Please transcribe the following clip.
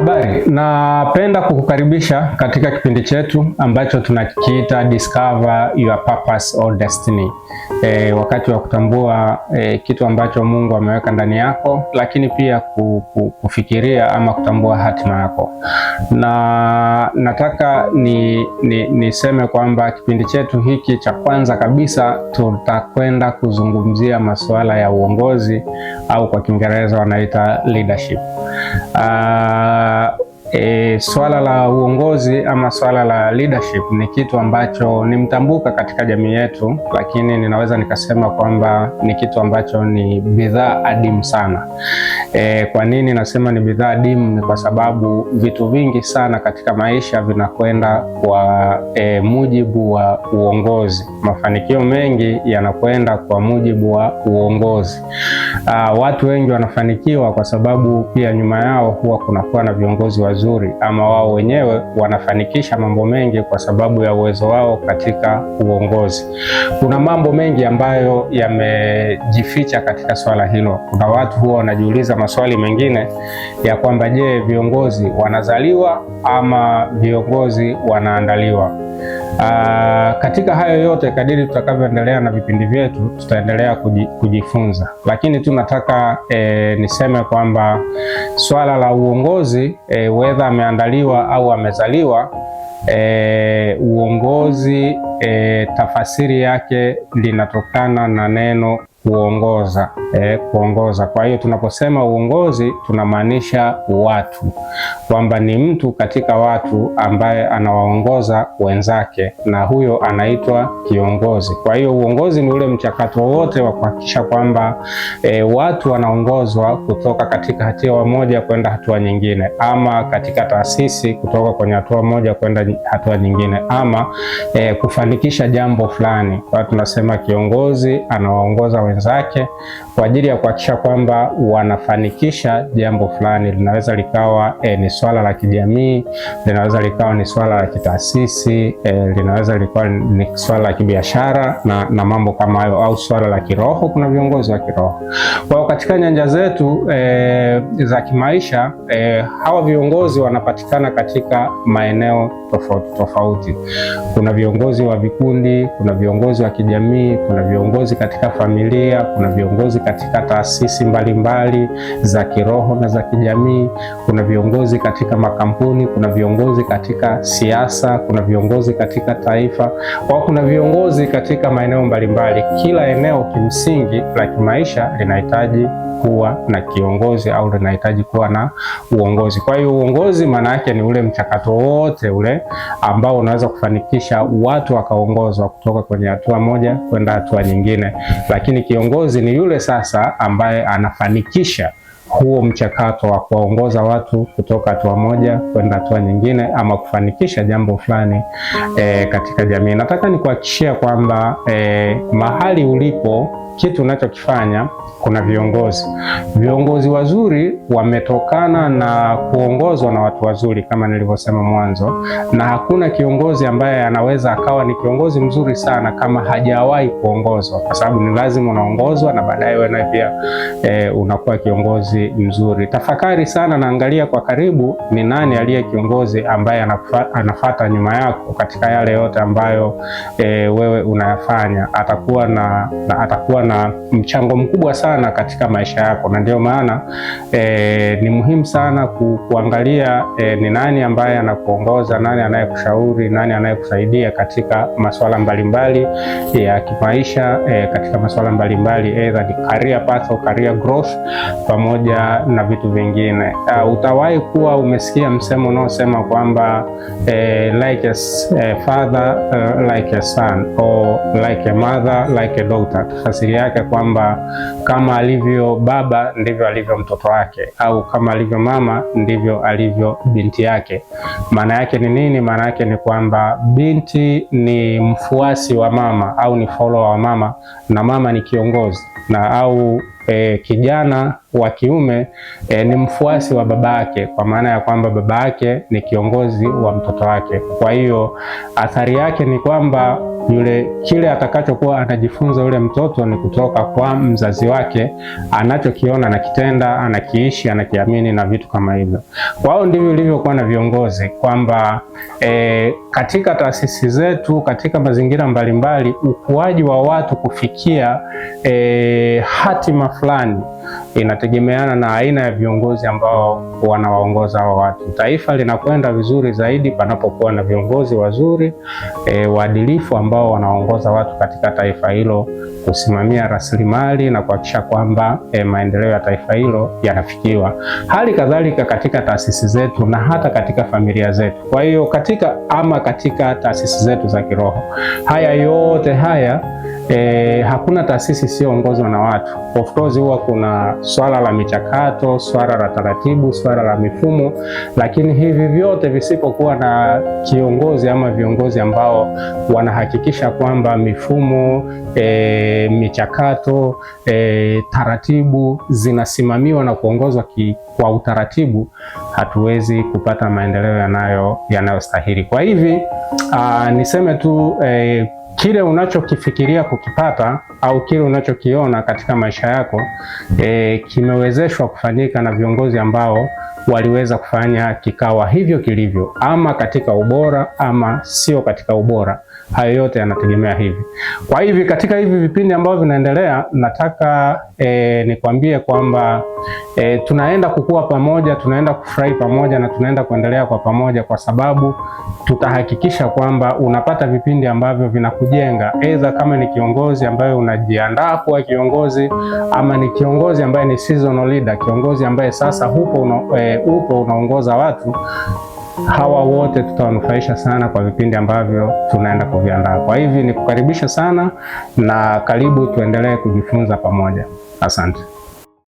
Habari, napenda kukukaribisha katika kipindi chetu ambacho tunakiita Discover Your Purpose or Destiny. E, wakati wa kutambua e, kitu ambacho Mungu ameweka ndani yako, lakini pia kufikiria ama kutambua hatima yako, na nataka niseme ni, ni kwamba kipindi chetu hiki cha kwanza kabisa tutakwenda kuzungumzia masuala ya uongozi au kwa Kiingereza wanaita leadership. Uh, Uh, E, swala la uongozi ama swala la leadership ni kitu ambacho ni mtambuka katika jamii yetu, lakini ninaweza nikasema kwamba ni kitu ambacho ni bidhaa adimu sana. E, kwa nini nasema ni bidhaa adimu? Ni kwa sababu vitu vingi sana katika maisha vinakwenda kwa e, mujibu wa uongozi. Mafanikio mengi yanakwenda kwa mujibu wa uongozi. Aa, watu wengi wanafanikiwa kwa sababu pia nyuma yao huwa kunakuwa na viongozi wazuri vizuri, ama wao wenyewe wanafanikisha mambo mengi kwa sababu ya uwezo wao katika uongozi. Kuna mambo mengi ambayo yamejificha katika swala hilo. Kuna watu huwa wanajiuliza maswali mengine ya kwamba je, viongozi wanazaliwa ama viongozi wanaandaliwa? Ah, katika hayo yote kadiri tutakavyoendelea na vipindi vyetu tutaendelea kujifunza, lakini tu nataka e, niseme kwamba swala la uongozi e, eh, wedha ameandaliwa au amezaliwa e, uongozi e, tafasiri yake linatokana na neno kuongoza eh, kuongoza. Kwa hiyo tunaposema uongozi tunamaanisha watu, kwamba ni mtu katika watu ambaye anawaongoza wenzake, na huyo anaitwa kiongozi. Kwa hiyo uongozi ni ule mchakato wote wa kuhakikisha kwamba eh, watu wanaongozwa kutoka katika hatua moja kwenda hatua nyingine, ama katika taasisi kutoka kwenye hatua moja kwenda hatua nyingine, ama eh, kufanikisha jambo fulani. Kwa hiyo tunasema kiongozi anawaongoza wenzake kwa ajili ya kuhakikisha kwamba wanafanikisha jambo fulani. Linaweza likawa e, ni swala la kijamii, linaweza likawa ni swala la kitaasisi e, linaweza likawa ni swala la kibiashara na, na mambo kama hayo, au swala la kiroho. Kuna viongozi wa kiroho. Kwa hiyo katika nyanja zetu e, za kimaisha e, hawa viongozi wanapatikana katika maeneo tofauti tofauti. Kuna viongozi wa vikundi, kuna viongozi wa kijamii, kuna viongozi katika familia familia, kuna viongozi katika taasisi mbalimbali za kiroho na za kijamii, kuna viongozi katika makampuni, kuna viongozi katika siasa, kuna viongozi katika taifa, kwa kuna viongozi katika maeneo mbalimbali. Kila eneo kimsingi la kimaisha linahitaji kuwa na kiongozi au linahitaji kuwa na uongozi. Kwa hiyo uongozi maana yake ni ule mchakato wote ule ambao unaweza kufanikisha watu wakaongozwa kutoka kwenye hatua moja kwenda hatua nyingine, lakini kiongozi ni yule sasa ambaye anafanikisha huo mchakato wa kuwaongoza watu kutoka hatua moja kwenda hatua nyingine ama kufanikisha jambo fulani e, katika jamii. Nataka nikuhakikishia kwamba e, mahali ulipo, kitu unachokifanya kuna viongozi. Viongozi wazuri wametokana na kuongozwa na watu wazuri, kama nilivyosema mwanzo, na hakuna kiongozi ambaye anaweza akawa ni kiongozi mzuri sana kama hajawahi kuongozwa, kwa sababu ni lazima unaongozwa na baadaye wewe pia e, unakuwa kiongozi kiongozi mzuri. Tafakari sana na angalia kwa karibu ni nani aliye kiongozi ambaye anafata nyuma yako katika yale yote ambayo e, wewe unayafanya. Atakuwa na, na, atakuwa na mchango mkubwa sana katika maisha yako, na ndio maana e, ni muhimu sana ku, kuangalia e, ni nani ambaye anakuongoza, nani anayekushauri, nani anayekusaidia katika masuala mbalimbali ya kimaisha e, katika masuala mbalimbali aidha ni career path au career growth pamoja pamoja na vitu vingine. Uh, utawahi kuwa umesikia msemo unaosema kwamba eh, like a eh, father uh, like a son or like a mother like a daughter, tafsiri yake kwamba kama alivyo baba ndivyo alivyo mtoto wake, au kama alivyo mama ndivyo alivyo binti yake. Maana yake ni nini? Maana yake ni kwamba binti ni mfuasi wa mama au ni follower wa mama na mama ni kiongozi na au e, kijana wa kiume e, ni mfuasi wa babake, kwa maana ya kwamba babake ni kiongozi wa mtoto wake. Kwa hiyo athari yake ni kwamba yule kile atakachokuwa anajifunza yule mtoto ni kutoka kwa mzazi wake, anachokiona anakitenda, anakiishi, anakiamini na vitu kama hivyo. Kwa hiyo ndivyo ilivyokuwa na viongozi kwamba e, katika taasisi zetu, katika mazingira mbalimbali, ukuaji wa watu kufikia e, hatima fulani inategemeana na aina ya viongozi ambao wanawaongoza hao watu. Taifa linakwenda vizuri zaidi panapokuwa na viongozi wazuri e, waadilifu ambao wanaongoza watu katika taifa hilo kusimamia rasilimali na kuhakikisha kwamba e, maendeleo ya taifa hilo yanafikiwa, hali kadhalika katika taasisi zetu na hata katika familia zetu. Kwa hiyo katika ama katika taasisi zetu za kiroho, haya yote haya eh, hakuna taasisi isiyoongozwa na watu. Of course huwa kuna swala la michakato, swala la taratibu, swala la mifumo, lakini hivi vyote visipokuwa na kiongozi ama viongozi ambao wanahakikisha kwamba mifumo e, michakato e, taratibu zinasimamiwa na kuongozwa kwa utaratibu, hatuwezi kupata maendeleo yanayostahili. kwa hivi aa, ah, niseme tu e, kile unachokifikiria kukipata au kile unachokiona katika maisha yako e, kimewezeshwa kufanyika na viongozi ambao waliweza kufanya kikawa hivyo kilivyo, ama katika ubora ama sio katika ubora. Hayo yote yanategemea hivi. Kwa hivi katika hivi vipindi ambavyo vinaendelea, nataka e, nikwambie kwamba e, tunaenda kukua pamoja, tunaenda kufurahi pamoja na tunaenda kuendelea kwa pamoja, kwa sababu tutahakikisha kwamba unapata vipindi ambavyo vinaku kujenga, aidha kama ni kiongozi ambaye unajiandaa kuwa kiongozi ama ni kiongozi ambaye ni seasonal leader, kiongozi ambaye sasa hupo una, e, upo unaongoza watu hawa wote tutawanufaisha sana kwa vipindi ambavyo tunaenda kuviandaa. Kwa hivi ni kukaribisha sana na karibu tuendelee kujifunza pamoja. Asante.